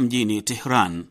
mjini Tehran.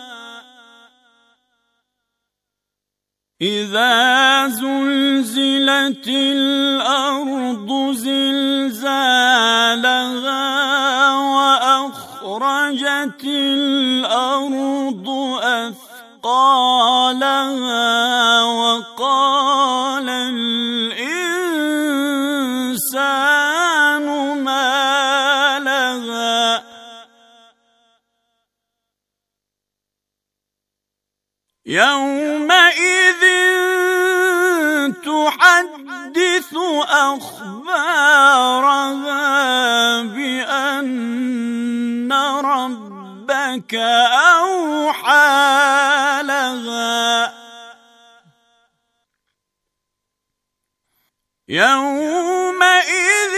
إذا زلزلت الأرض زلزالها وأخرجت الأرض أثقالها وقال أخبارها بأن ربك أوحى لها يومئذ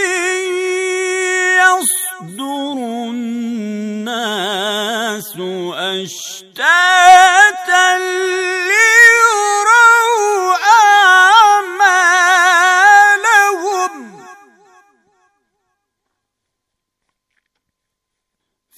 يصدر الناس أشتاتا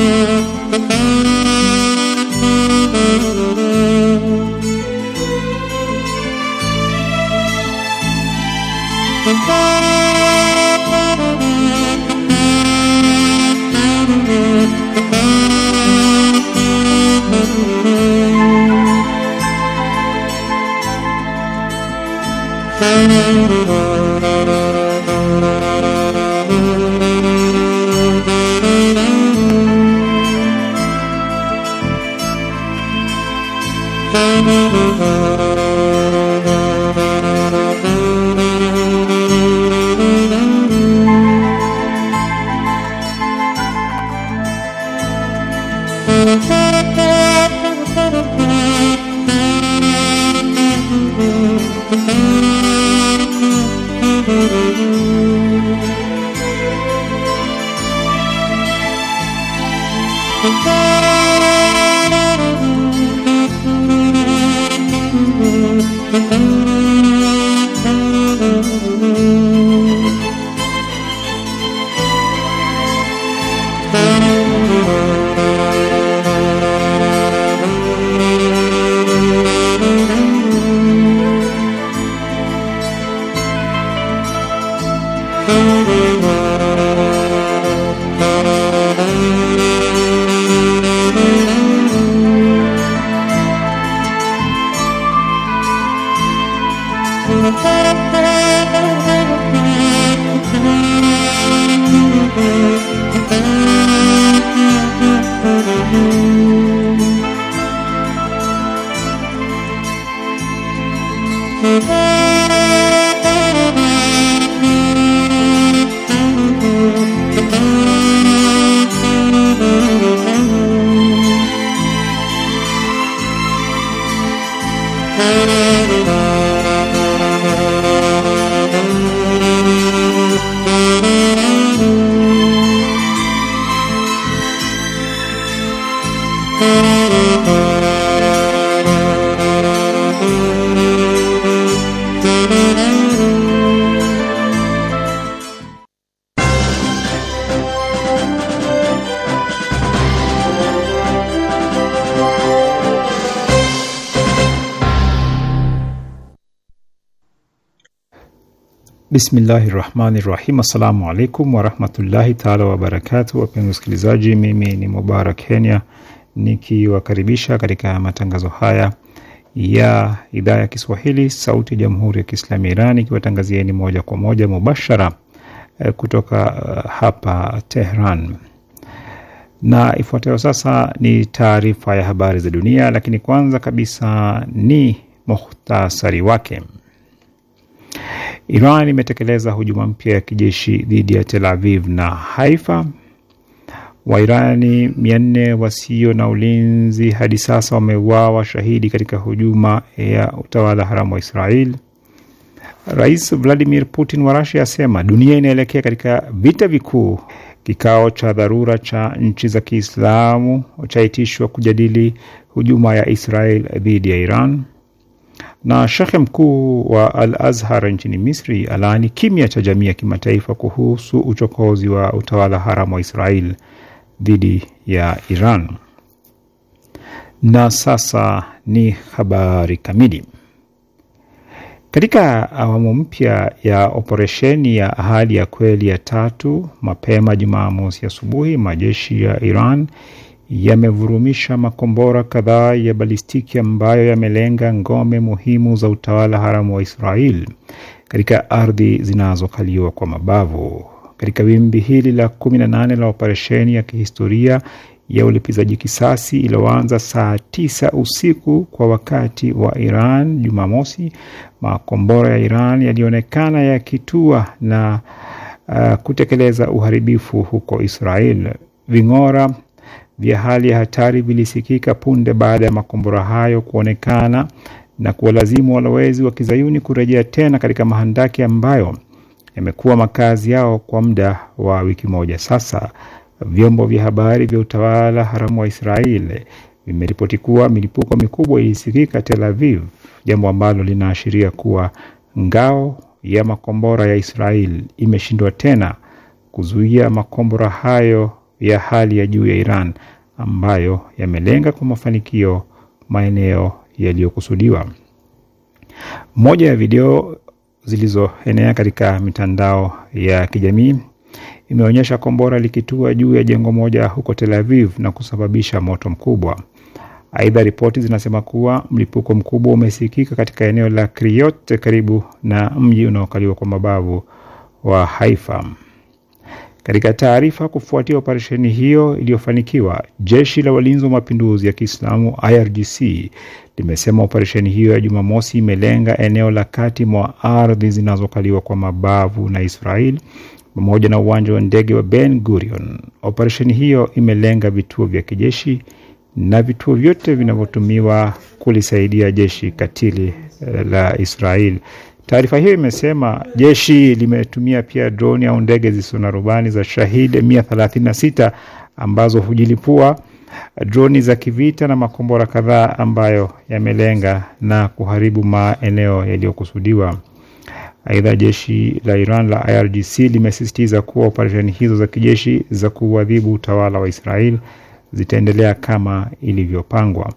you. Bismillahi rahmani rahim. Assalamu alaikum warahmatullahi taala wabarakatu. Wapenzi wasikilizaji, mimi ni Mubarak Kenya nikiwakaribisha katika matangazo haya ya idhaa ya Kiswahili sauti ya jamhuri ya Kiislamu ya Iran ikiwatangazieni moja kwa moja mubashara eh, kutoka eh, hapa Tehran. Na ifuatayo sasa ni taarifa ya habari za dunia, lakini kwanza kabisa ni muhtasari wake. Iran imetekeleza hujuma mpya ya kijeshi dhidi ya Tel Aviv na Haifa. Wairani mia nne wasio na ulinzi hadi sasa wameuawa shahidi katika hujuma ya utawala haramu wa Israel. Rais Vladimir Putin wa Rusia asema dunia inaelekea katika vita vikuu. Kikao cha dharura cha nchi za Kiislamu chaitishwa kujadili hujuma ya Israel dhidi ya Iran. Na shekhe mkuu wa Al Azhar nchini Misri alaani kimya cha jamii ya kimataifa kuhusu uchokozi wa utawala haramu wa Israel dhidi ya Iran. Na sasa ni habari kamili. Katika awamu mpya ya operesheni ya Ahadi ya Kweli ya tatu, mapema Jumamosi asubuhi, majeshi ya Iran yamevurumisha makombora kadhaa ya balistiki ambayo yamelenga ngome muhimu za utawala haramu wa Israel katika ardhi zinazokaliwa kwa mabavu. Katika wimbi hili la 18 la operesheni ya kihistoria ya ulipizaji kisasi iliyoanza saa tisa usiku kwa wakati wa Iran Jumamosi, makombora ya Iran yalionekana yakitua na uh, kutekeleza uharibifu huko Israel. Ving'ora vya hali ya hatari vilisikika punde baada ya makombora hayo kuonekana na kuwalazimu walowezi wa kizayuni kurejea tena katika mahandaki ambayo yamekuwa makazi yao kwa muda wa wiki moja sasa. Vyombo vya habari vya utawala haramu wa Israeli vimeripoti kuwa milipuko mikubwa ilisikika Tel Aviv, jambo ambalo linaashiria kuwa ngao ya makombora ya Israel imeshindwa tena kuzuia makombora hayo ya hali ya juu ya Iran ambayo yamelenga kwa mafanikio maeneo yaliyokusudiwa. Moja ya video zilizoenea katika mitandao ya kijamii imeonyesha kombora likitua juu ya jengo moja huko Tel Aviv na kusababisha moto mkubwa. Aidha, ripoti zinasema kuwa mlipuko mkubwa umesikika katika eneo la Kriot karibu na mji unaokaliwa kwa mabavu wa Haifa. Katika taarifa kufuatia operesheni hiyo iliyofanikiwa, jeshi la walinzi wa mapinduzi ya Kiislamu IRGC limesema operesheni hiyo ya Jumamosi imelenga eneo la kati mwa ardhi zinazokaliwa kwa mabavu na Israel pamoja na uwanja wa ndege wa Ben Gurion. Operesheni hiyo imelenga vituo vya kijeshi na vituo vyote vinavyotumiwa kulisaidia jeshi katili eh, la Israel Taarifa hiyo imesema jeshi limetumia pia droni au ndege zisizo na rubani za Shahid 136 ambazo hujilipua, droni za kivita na makombora kadhaa ambayo yamelenga na kuharibu maeneo yaliyokusudiwa. Aidha, jeshi la Iran la IRGC limesisitiza kuwa operesheni hizo za kijeshi za kuadhibu utawala wa Israel zitaendelea kama ilivyopangwa.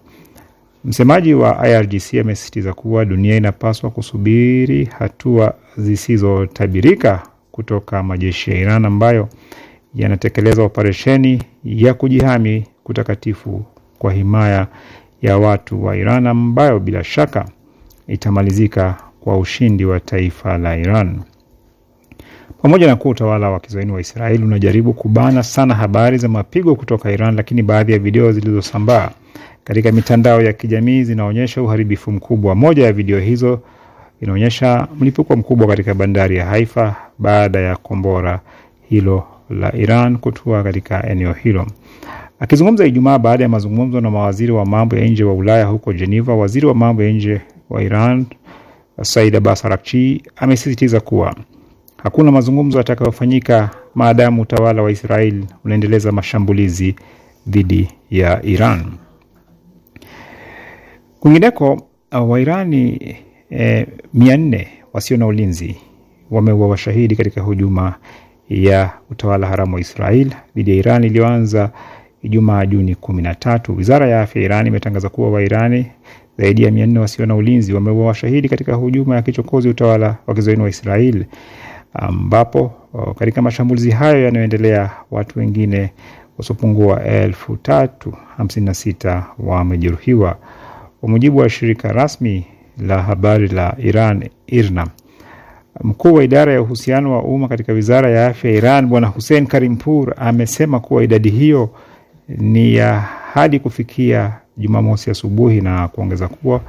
Msemaji wa IRGC amesisitiza kuwa dunia inapaswa kusubiri hatua zisizotabirika kutoka majeshi ya Iran ambayo yanatekeleza operesheni ya kujihami kutakatifu kwa himaya ya watu wa Iran ambayo bila shaka itamalizika kwa ushindi wa taifa la Iran. Pamoja na kuwa utawala wa kizaini wa Israeli unajaribu kubana sana habari za mapigo kutoka Iran, lakini baadhi ya video zilizosambaa katika mitandao ya kijamii zinaonyesha uharibifu mkubwa. Moja ya video hizo inaonyesha mlipuko mkubwa katika bandari ya Haifa baada ya kombora hilo la Iran kutua katika eneo hilo. Akizungumza Ijumaa baada ya mazungumzo na mawaziri wa mambo ya nje wa Ulaya huko Geneva, waziri wa mambo ya nje wa Iran Said Abbas amesisitiza kuwa hakuna mazungumzo yatakayofanyika maadamu utawala wa Israel unaendeleza mashambulizi dhidi ya Iran. Kwingineko uh, Wairani e, mia nne wasio na ulinzi wameua washahidi katika hujuma ya utawala haramu wa Israel dhidi ya Iran iliyoanza Ijumaa Juni kumi na tatu. Wizara ya afya ya Iran imetangaza kuwa Wairani zaidi ya mia nne wasio na ulinzi wameua washahidi katika hujuma ya kichokozi utawala wa kizoeni wa Israel, ambapo uh, katika mashambulizi hayo yanayoendelea watu wengine wasiopungua elfu tatu hamsini na sita wamejeruhiwa. Kwa mujibu wa shirika rasmi la habari la Iran IRNA, mkuu wa idara ya uhusiano wa umma katika wizara ya afya ya Iran Bwana Hussein Karimpur amesema kuwa idadi hiyo ni ya hadi kufikia Jumamosi asubuhi na kuongeza kuwa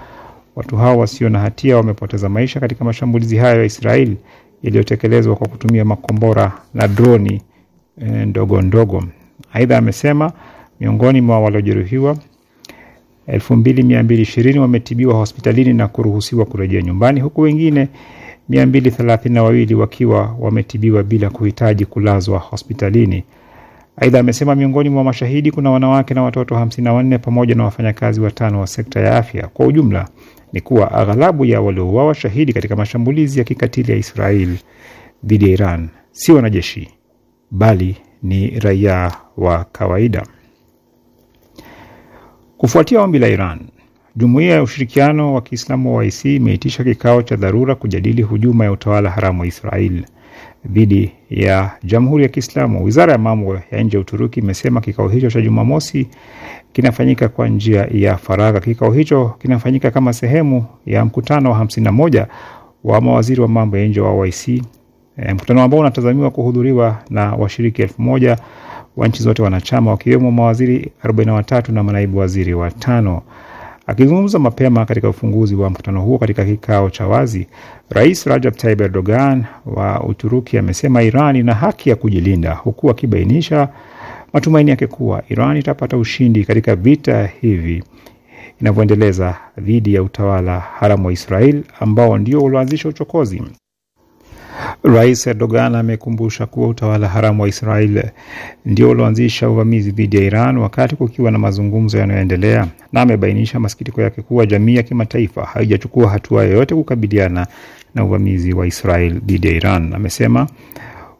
watu hao wasio na hatia wamepoteza maisha katika mashambulizi hayo ya Israeli yaliyotekelezwa kwa kutumia makombora na droni eh, ndogo ndogo. Aidha amesema miongoni mwa waliojeruhiwa 2220 wametibiwa hospitalini na kuruhusiwa kurejea nyumbani huku wengine 232 wakiwa wametibiwa bila kuhitaji kulazwa hospitalini. Aidha, amesema miongoni mwa mashahidi kuna wanawake na watoto 54 pamoja na wafanyakazi watano wa sekta ya afya. Kwa ujumla ni kuwa aghalabu ya waliouawa shahidi katika mashambulizi ya kikatili ya israel dhidi ya Iran si wanajeshi bali ni raia wa kawaida. Kufuatia ombi la Iran, Jumuiya ya Ushirikiano wa Kiislamu wa OIC imeitisha kikao cha dharura kujadili hujuma ya utawala haramu wa Israel dhidi ya Jamhuri ya Kiislamu. Wizara ya mambo ya nje ya Uturuki imesema kikao hicho cha Jumamosi kinafanyika kwa njia ya faragha. Kikao hicho kinafanyika kama sehemu ya mkutano wa 51 wa mawaziri wa mambo ya nje wa OIC, eh, mkutano ambao unatazamiwa kuhudhuriwa na washiriki elfu moja wa nchi zote wanachama wakiwemo mawaziri 43 na manaibu waziri watano. Akizungumza mapema katika ufunguzi wa mkutano huo katika kikao cha wazi, Rais Rajab Tayyip Erdogan wa Uturuki amesema Iran ina haki ya kujilinda, huku akibainisha matumaini yake kuwa Iran itapata ushindi katika vita hivi inavyoendeleza dhidi ya utawala haramu wa Israel ambao ndio ulioanzisha uchokozi. Rais Erdogan amekumbusha kuwa utawala haramu wa Israel ndio ulioanzisha uvamizi dhidi ya Iran wakati kukiwa na mazungumzo yanayoendelea, na amebainisha masikitiko yake kuwa jamii ya kimataifa haijachukua hatua yoyote kukabiliana na uvamizi wa Israel dhidi ya Iran. Amesema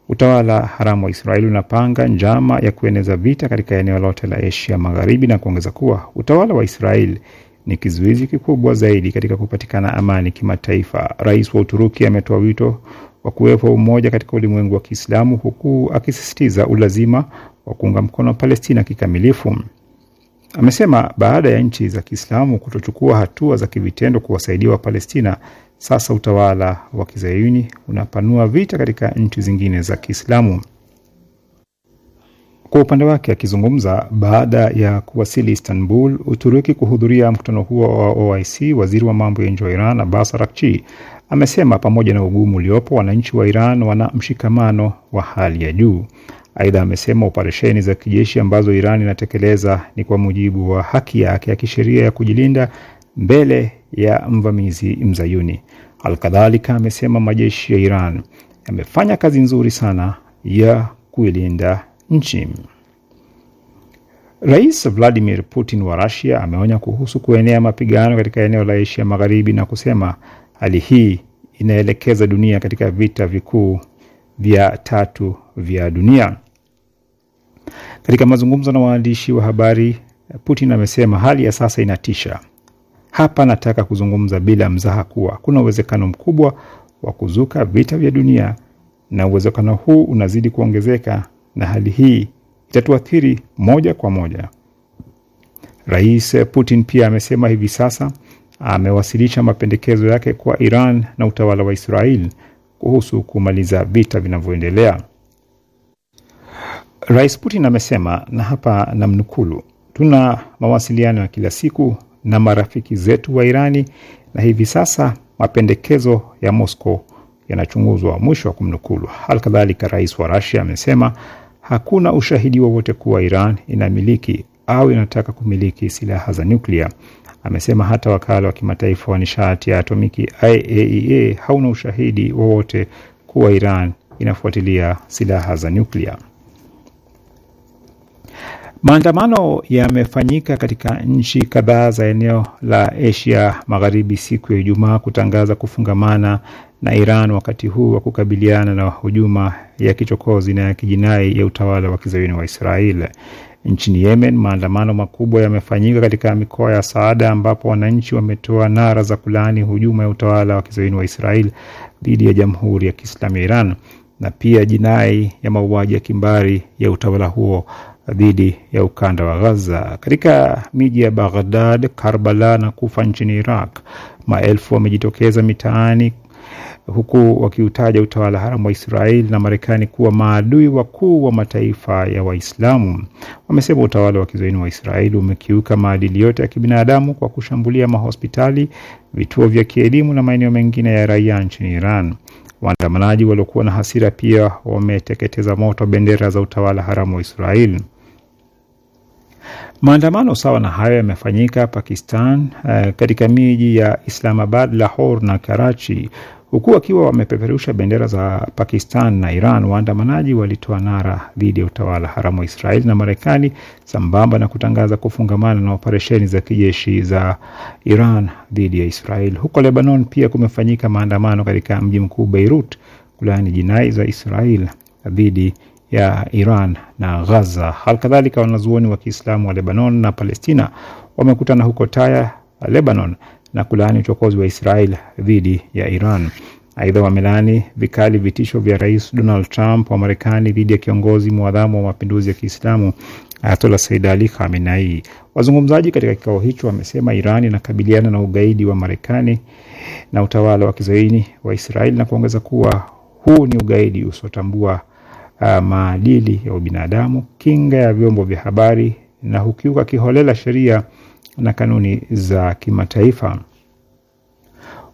utawala haramu wa Israeli unapanga njama ya kueneza vita katika eneo lote la Asia Magharibi na kuongeza kuwa utawala wa Israeli ni kizuizi kikubwa zaidi katika kupatikana amani kimataifa. Rais wa Uturuki ametoa wito wa kuwepo umoja katika ulimwengu wa Kiislamu, huku akisisitiza ulazima wa kuunga mkono Palestina kikamilifu. Amesema baada ya nchi za Kiislamu kutochukua hatua za kivitendo kuwasaidia wa palestina sasa utawala wa kizayuni unapanua vita katika nchi zingine za Kiislamu. Kwa upande wake, akizungumza baada ya kuwasili Istanbul, Uturuki, kuhudhuria mkutano huo wa OIC, waziri wa mambo ya nje wa Iran Abbas Araghchi amesema pamoja na ugumu uliopo, wananchi wa Iran wana mshikamano wa hali ya juu. Aidha, amesema operesheni za kijeshi ambazo Iran inatekeleza ni kwa mujibu wa haki yake ya kisheria ya kujilinda mbele ya mvamizi mzayuni. Alkadhalika, amesema majeshi ya Iran yamefanya kazi nzuri sana ya kuilinda nchi. Rais Vladimir Putin wa Rusia ameonya kuhusu kuenea mapigano katika eneo la Asia Magharibi na kusema hali hii inaelekeza dunia katika vita vikuu vya tatu vya dunia. Katika mazungumzo na waandishi wa habari, Putin amesema hali ya sasa inatisha. Hapa nataka kuzungumza bila mzaha kuwa kuna uwezekano mkubwa wa kuzuka vita vya dunia, na uwezekano huu unazidi kuongezeka na hali hii itatuathiri moja kwa moja. Rais Putin pia amesema hivi sasa amewasilisha mapendekezo yake kwa Iran na utawala wa Israel kuhusu kumaliza vita vinavyoendelea. Rais Putin amesema, na hapa namnukulu, tuna mawasiliano ya kila siku na marafiki zetu wa Irani na hivi sasa mapendekezo ya Moscow yanachunguzwa, mwisho wa kumnukulu. Halikadhalika, rais wa rasia amesema Hakuna ushahidi wowote kuwa Iran inamiliki au inataka kumiliki silaha za nyuklia. Amesema hata wakala wa kimataifa wa nishati ya atomiki IAEA e hauna ushahidi wowote kuwa Iran inafuatilia silaha za nyuklia. Maandamano yamefanyika katika nchi kadhaa za eneo la Asia Magharibi siku ya Ijumaa kutangaza kufungamana na Iran wakati huu wa kukabiliana na hujuma ya kichokozi na ya kijinai ya utawala wa kizayuni wa Israel. Nchini Yemen, maandamano makubwa yamefanyika katika mikoa ya Saada ambapo wananchi wametoa nara za kulaani hujuma ya utawala wa kizayuni wa Israel dhidi ya Jamhuri ya Kiislamu ya Iran na pia jinai ya mauaji ya kimbari ya utawala huo dhidi ya ukanda wa Gaza. Katika miji ya Baghdad, Karbala na Kufa nchini Iraq, maelfu wamejitokeza mitaani huku wakiutaja utawala haramu wa Israeli na Marekani kuwa maadui wakuu wa mataifa ya Waislamu. Wamesema utawala wa kizoini wa Israeli umekiuka maadili yote ya kibinadamu kwa kushambulia mahospitali, vituo vya kielimu na maeneo mengine ya raia nchini Iran. Waandamanaji waliokuwa na hasira pia wameteketeza moto bendera za utawala haramu wa Israeli. Maandamano sawa na hayo yamefanyika Pakistan, eh, katika miji ya Islamabad, Lahore na Karachi. Huku wakiwa wamepeperusha bendera za Pakistan na Iran, waandamanaji walitoa nara dhidi ya utawala haramu wa Israel na Marekani sambamba na kutangaza kufungamana na operesheni za kijeshi za Iran dhidi ya Israel. Huko Lebanon pia kumefanyika maandamano katika mji mkuu Beirut kulaani jinai za Israel dhidi ya Iran na Gaza. kadhalika wanazuoni wa Kiislamu wa Lebanon na Palestina wamekutana huko Taya, Lebanon na kulaani uchokozi wa Israel dhidi ya Iran. Aidha, wamelaani vikali vitisho vya Rais Donald Trump wa Marekani dhidi ya kiongozi mwadhamu wa mapinduzi ya Kiislamu Ayatollah Said Ali Khamenei. Wazungumzaji katika kikao hicho wamesema Iran inakabiliana na ugaidi wa Marekani na utawala wa kizaini wa Israel na kuongeza kuwa huu ni ugaidi usiotambua uh, maadili ya ubinadamu, kinga ya vyombo vya habari na hukiuka kiholela sheria na kanuni za kimataifa.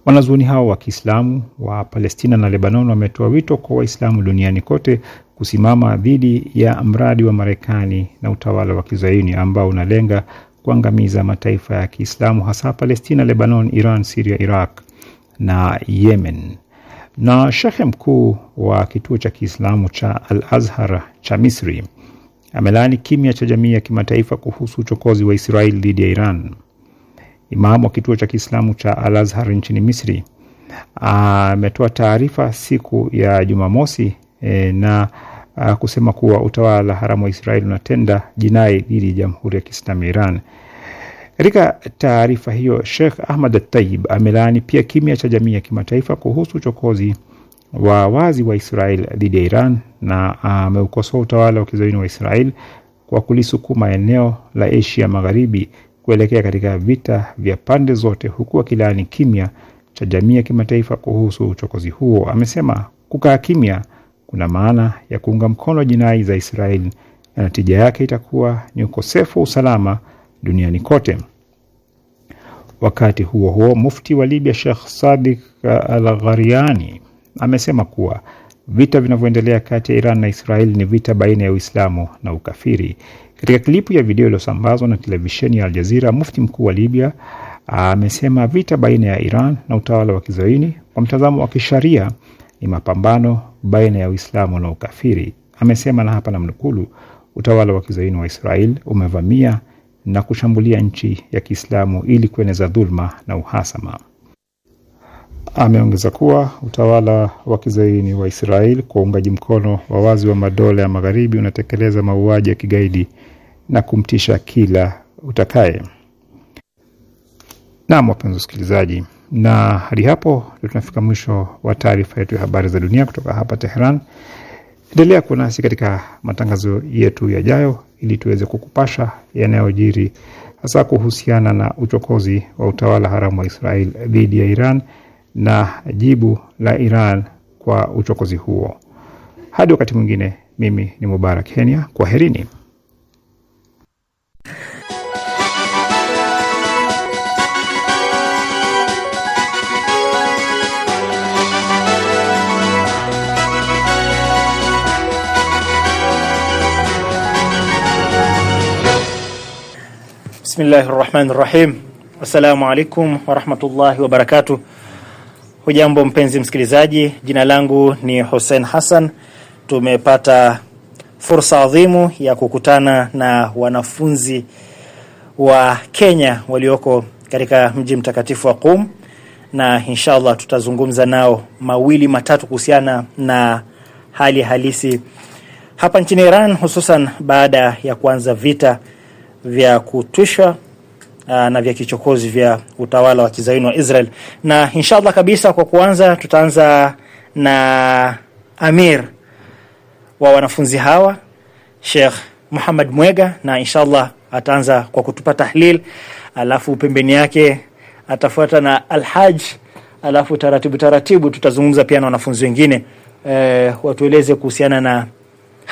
Wanazuoni hao wa Kiislamu wa Palestina na Lebanon wametoa wito kwa Waislamu duniani kote kusimama dhidi ya mradi wa Marekani na utawala wa kizayuni ambao unalenga kuangamiza mataifa ya Kiislamu hasa Palestina, Lebanon, Iran, Siria, Iraq na Yemen. Na shehe mkuu wa kituo cha Kiislamu cha Al Azhar cha Misri amelaani kimya cha jamii ya kimataifa kuhusu uchokozi wa Israeli dhidi ya Iran. Imamu wa kituo cha Kiislamu cha Al Azhar nchini Misri ametoa taarifa siku ya Jumamosi e, na a, kusema kuwa utawala haramu wa Israeli unatenda jinai dhidi ya Jamhuri ya Kiislamu ya Iran. Katika taarifa hiyo, Sheikh Ahmad tayyib amelaani pia kimya cha jamii ya kimataifa kuhusu uchokozi wa wazi wa Israel dhidi ya Iran na ah, ameukosoa utawala wa kizayuni wa Israel kwa kulisukuma eneo la Asia Magharibi kuelekea katika vita vya pande zote, huku akilaani kimya cha jamii ya kimataifa kuhusu uchokozi huo. Amesema kukaa kimya kuna maana ya kuunga mkono jinai za Israel na natija yake itakuwa ni ukosefu wa usalama duniani kote. Wakati huo huo, mufti wa Libya Sheikh Sadik Al Ghariani amesema kuwa Vita vinavyoendelea kati ya Iran na Israel ni vita baina ya Uislamu na ukafiri. Katika klipu ya video iliyosambazwa na televisheni ya Aljazira, mufti mkuu wa Libya amesema vita baina ya Iran na utawala wa kizaini kwa mtazamo wa kisharia ni mapambano baina ya Uislamu na ukafiri. Amesema na hapa namnukulu, utawala wa kizaini wa Israel umevamia na kushambulia nchi ya Kiislamu ili kueneza dhulma na uhasama. Ameongeza kuwa utawala wa kizaini wa Israel kwa uungaji mkono wa wazi wa madola ya magharibi unatekeleza mauaji ya kigaidi na kumtisha kila utakaye. Naam, wapenzi wasikilizaji, na hadi hapo ndio tunafika mwisho wa taarifa yetu ya habari za dunia kutoka hapa Teheran. Endelea kuwa nasi katika matangazo yetu yajayo ili tuweze kukupasha yanayojiri hasa kuhusiana na uchokozi wa utawala haramu wa Israel dhidi ya Iran na jibu la Iran kwa uchokozi huo. Hadi wakati mwingine, mimi ni Mubarak Kenya, kwaherini. Bismillahi rahmani rahim. Assalamu alaikum warahmatullahi wabarakatuh. Hujambo mpenzi msikilizaji, jina langu ni Hussein Hassan. Tumepata fursa adhimu ya kukutana na wanafunzi wa Kenya walioko katika mji mtakatifu wa Qum, na inshallah tutazungumza nao mawili matatu kuhusiana na hali halisi hapa nchini Iran, hususan baada ya kuanza vita vya kutwishwa Uh, na vya kichokozi vya utawala wa kizayuni wa Israel. Na inshallah kabisa, kwa kuanza tutaanza na amir wa wanafunzi hawa Sheikh Muhammad Mwega, na inshallah ataanza kwa kutupa tahlil, alafu pembeni yake atafuata na Alhaj, alafu taratibu taratibu tutazungumza pia na wanafunzi wengine e, watueleze kuhusiana na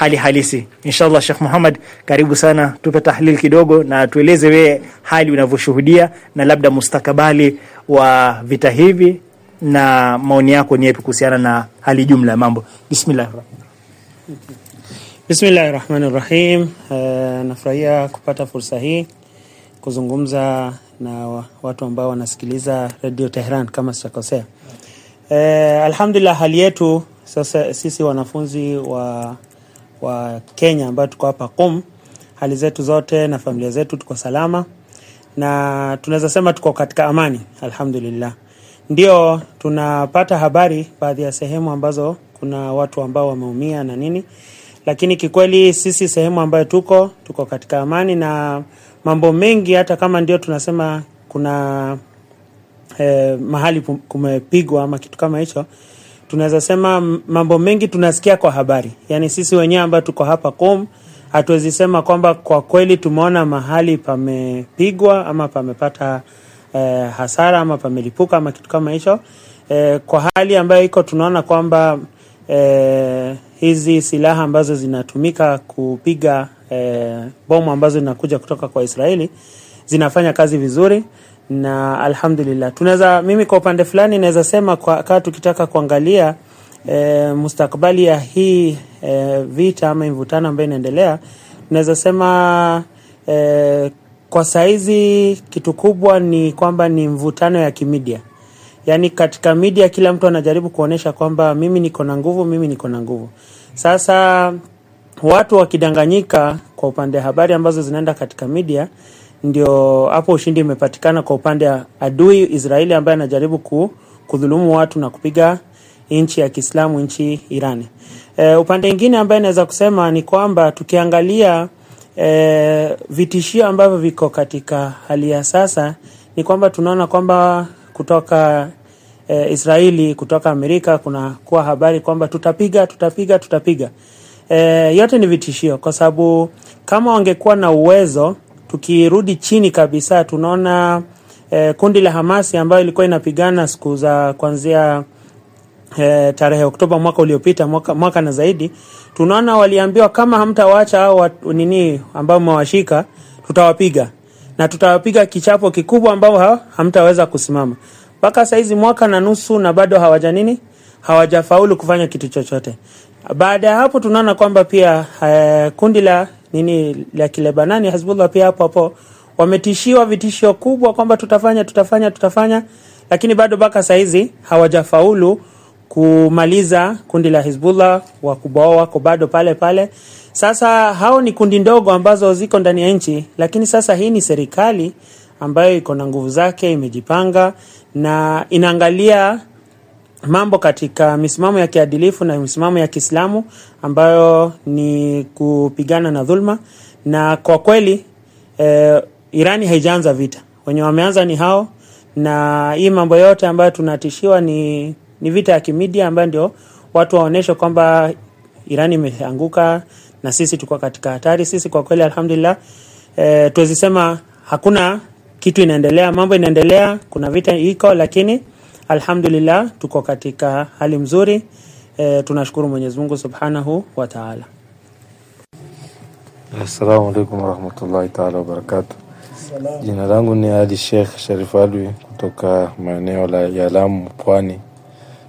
hali halisi. Inshallah, Sheikh Muhammad, karibu sana, tupe tahlil kidogo na tueleze wewe hali unavyoshuhudia na labda mustakabali wa vita hivi na maoni yako ni yapi kuhusiana na hali jumla ya mambo. Bismillah. Bismillahir Rahmanir Rahim. Uh, nafurahia kupata fursa hii kuzungumza na watu ambao wanasikiliza Radio Tehran kama sitakosea. Uh, alhamdulillah hali yetu sasa sisi wanafunzi wa wa Kenya ambayo tuko hapa kom, hali zetu zote na familia zetu tuko salama na tunaweza sema tuko katika amani alhamdulillah. Ndio tunapata habari baadhi ya sehemu ambazo kuna watu ambao wameumia na nini, lakini kikweli sisi sehemu ambayo tuko tuko katika amani na mambo mengi, hata kama ndio tunasema kuna eh, mahali kumepigwa ama kitu kama hicho tunaweza sema mambo mengi tunasikia kwa habari, yaani sisi wenyewe ambayo tuko hapa kom hatuwezi sema kwamba kwa kweli tumeona mahali pamepigwa ama pamepata eh, hasara ama pamelipuka ama kitu kama hicho eh, kwa hali ambayo iko tunaona kwamba eh, hizi silaha ambazo zinatumika kupiga eh, bomu ambazo zinakuja kutoka kwa Israeli zinafanya kazi vizuri na alhamdulillah tunaweza, mimi kwa upande fulani naweza sema kwa kaa tukitaka kuangalia e, mustakbali ya hii e, vita ama mvutano ambayo inaendelea, tunaweza sema e, kwa saizi kitu kubwa ni kwamba ni mvutano ya kimidia yaani katika midia kila mtu anajaribu kuonesha kwamba mimi niko na nguvu, mimi niko na nguvu. Sasa watu wakidanganyika kwa upande habari ambazo zinaenda katika midia ndio hapo ushindi umepatikana kwa upande wa adui Israeli ambaye anajaribu ku, kudhulumu watu na kupiga nchi ya Kiislamu nchi Irani. E, upande mwingine ambaye naweza kusema ni kwamba tukiangalia e, vitishio ambavyo viko katika hali ya sasa ni kwamba tunaona kwamba kutoka e, Israeli kutoka Amerika kuna kuwa habari kwamba tutapiga tutapiga tutapiga. E, yote ni vitishio kwa sababu kama wangekuwa na uwezo tukirudi chini kabisa tunaona eh, kundi la Hamasi ambayo ilikuwa inapigana siku za kuanzia eh, tarehe Oktoba mwaka uliopita mwaka, mwaka na zaidi, tunaona waliambiwa kama hamtawaacha hao nini ambao mwawashika, tutawapiga na tutawapiga kichapo kikubwa ambao ha, hamtaweza kusimama. Mpaka saizi mwaka na nusu na bado hawaja nini, hawajafaulu kufanya kitu chochote. Baada ya hapo tunaona kwamba pia eh, kundi la nini la Kilebanani, Hezbollah pia hapo hapo wametishiwa vitishio kubwa kwamba tutafanya tutafanya tutafanya, lakini bado mpaka saa hizi hawajafaulu kumaliza kundi la Hizbullah. Wakubwa wao wako bado pale pale. Sasa hao ni kundi ndogo ambazo ziko ndani ya nchi, lakini sasa hii ni serikali ambayo iko na nguvu zake, imejipanga na inaangalia mambo katika misimamo ya kiadilifu na misimamo ya Kiislamu ambayo ni kupigana na dhulma, na kwa kweli eh, Irani haijaanza vita, wenye wameanza ni hao, na hii mambo yote ambayo tunatishiwa ni, ni vita ya kimidia ambayo ndio watu waoneshe kwamba Irani imeanguka na sisi tuko katika hatari. Sisi kwa kweli alhamdulillah, eh, tuwezisema hakuna kitu inaendelea, mambo inaendelea, kuna vita iko, lakini Alhamdulillah, tuko katika hali mzuri e, tunashukuru Mwenyezi Mungu Subhanahu wa Ta'ala. Assalamu alaykum warahmatullahi ta'ala wabarakatu Jina langu ni Ali Sheikh Sharif Alwi kutoka maeneo la ya Pwani.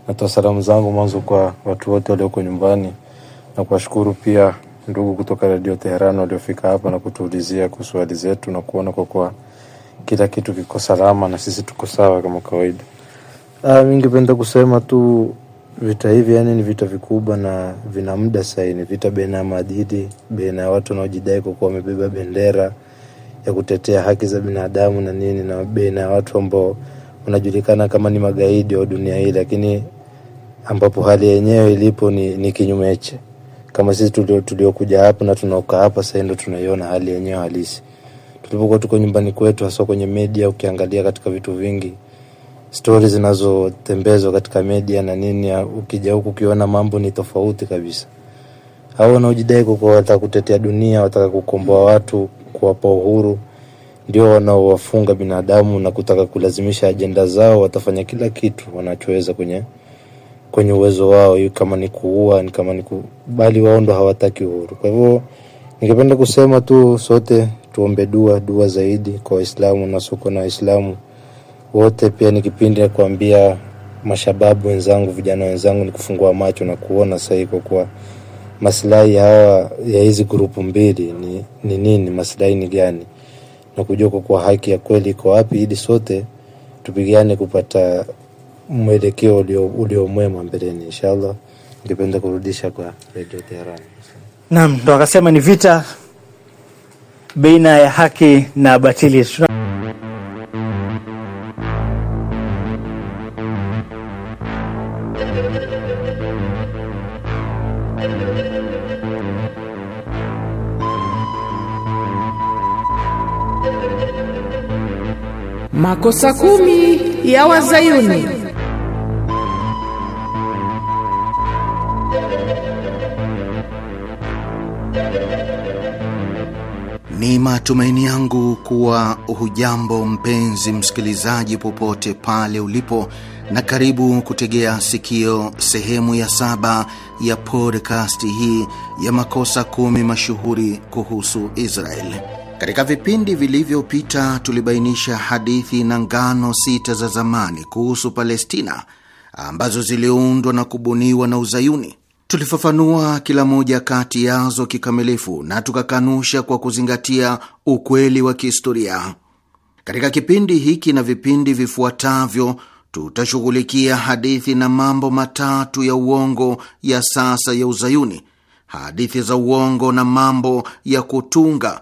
Natoa salamu zangu mwanzo kwa watu wote walioko nyumbani na kuwashukuru pia ndugu kutoka Radio Tehran waliofika hapa na kutuulizia kuswali zetu na kuona kwa kuwa kila kitu kiko salama na sisi tuko sawa kama kawaida. Ah, mi ningependa kusema tu vita hivi yani ni vita vikubwa na vina muda sahi. Ni vita baina ya madidi, baina ya watu wanaojidai kwa kuwa wamebeba bendera ya kutetea haki za binadamu na nini, na baina ya watu ambao wanajulikana kama ni magaidi wa dunia hii, lakini ambapo hali yenyewe ilipo ni, ni kinyumeche. Kama sisi tuliokuja hapa na tunaoka hapa sasa, ndo tunaiona hali yenyewe halisi. Tulipokuwa tuko nyumbani kwetu, hasa kwenye media, ukiangalia katika vitu vingi stori zinazotembezwa katika media na nini, ukija huku ukiona mambo ni tofauti kabisa. Hao wanaojidai kuwa wataka kutetea dunia, wataka kukomboa watu, kuwapa uhuru, ndio wanaowafunga binadamu na kutaka kulazimisha ajenda zao. Watafanya kila kitu wanachoweza kwenye kwenye uwezo wao, kama ni kuua, kama ni bali wao ndo hawataki uhuru. Kwa hivyo ningependa kusema tu sote tuombe dua, dua zaidi kwa Waislamu na soko na Waislamu wote. Pia ni kipindi kuambia mashababu wenzangu, vijana wenzangu, ni kufungua macho na kuona sahihi, kwa kuwa maslahi hawa ya hizi grupu mbili ni, ni nini, maslahi ni gani, na kujua kwa kuwa haki ya kweli iko wapi, ili sote tupigane kupata mwelekeo ulio mwema mbeleni, inshallah. Ningependa kurudisha kwa Radio Tehran. Naam, ndo akasema ni vita baina ya haki na batili. Makosa kumi ya Wazayuni. Ni matumaini yangu kuwa hujambo mpenzi msikilizaji, popote pale ulipo na karibu kutegea sikio sehemu ya saba ya podcast hii ya makosa kumi mashuhuri kuhusu israel Katika vipindi vilivyopita tulibainisha hadithi na ngano sita za zamani kuhusu Palestina ambazo ziliundwa na kubuniwa na Uzayuni. Tulifafanua kila moja kati yazo kikamilifu na tukakanusha kwa kuzingatia ukweli wa kihistoria. Katika kipindi hiki na vipindi vifuatavyo tutashughulikia hadithi na mambo matatu ya uongo ya sasa ya Uzayuni, hadithi za uongo na mambo ya kutunga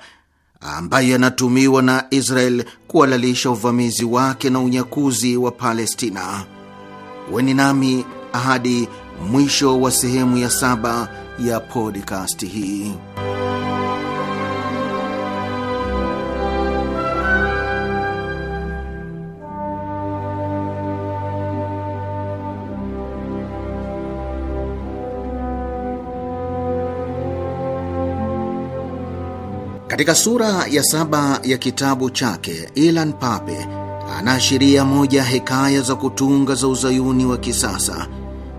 ambayo yanatumiwa na Israel kuhalalisha uvamizi wake na unyakuzi wa Palestina. Weni nami hadi mwisho wa sehemu ya saba ya podcast hii. Katika sura ya saba ya kitabu chake Ilan Pape anaashiria moja hekaya za kutunga za uzayuni wa kisasa,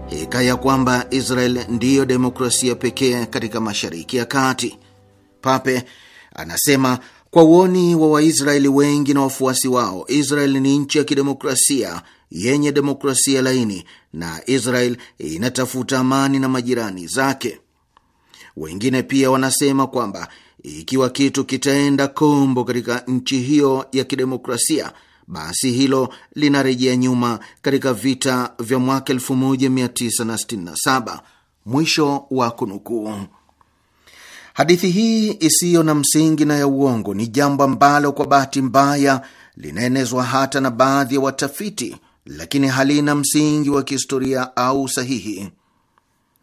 hekaya kwamba Israel ndiyo demokrasia pekee katika Mashariki ya Kati. Pape anasema kwa uoni wa Waisraeli wengi na wafuasi wao, Israel ni nchi ya kidemokrasia yenye demokrasia laini, na Israel inatafuta amani na majirani zake. Wengine pia wanasema kwamba ikiwa kitu kitaenda kombo katika nchi hiyo ya kidemokrasia, basi hilo linarejea nyuma katika vita vya mwaka 1967. Mwisho wa kunukuu. Hadithi hii isiyo na msingi na ya uongo ni jambo ambalo kwa bahati mbaya linaenezwa hata na baadhi ya watafiti, lakini halina msingi wa kihistoria au sahihi.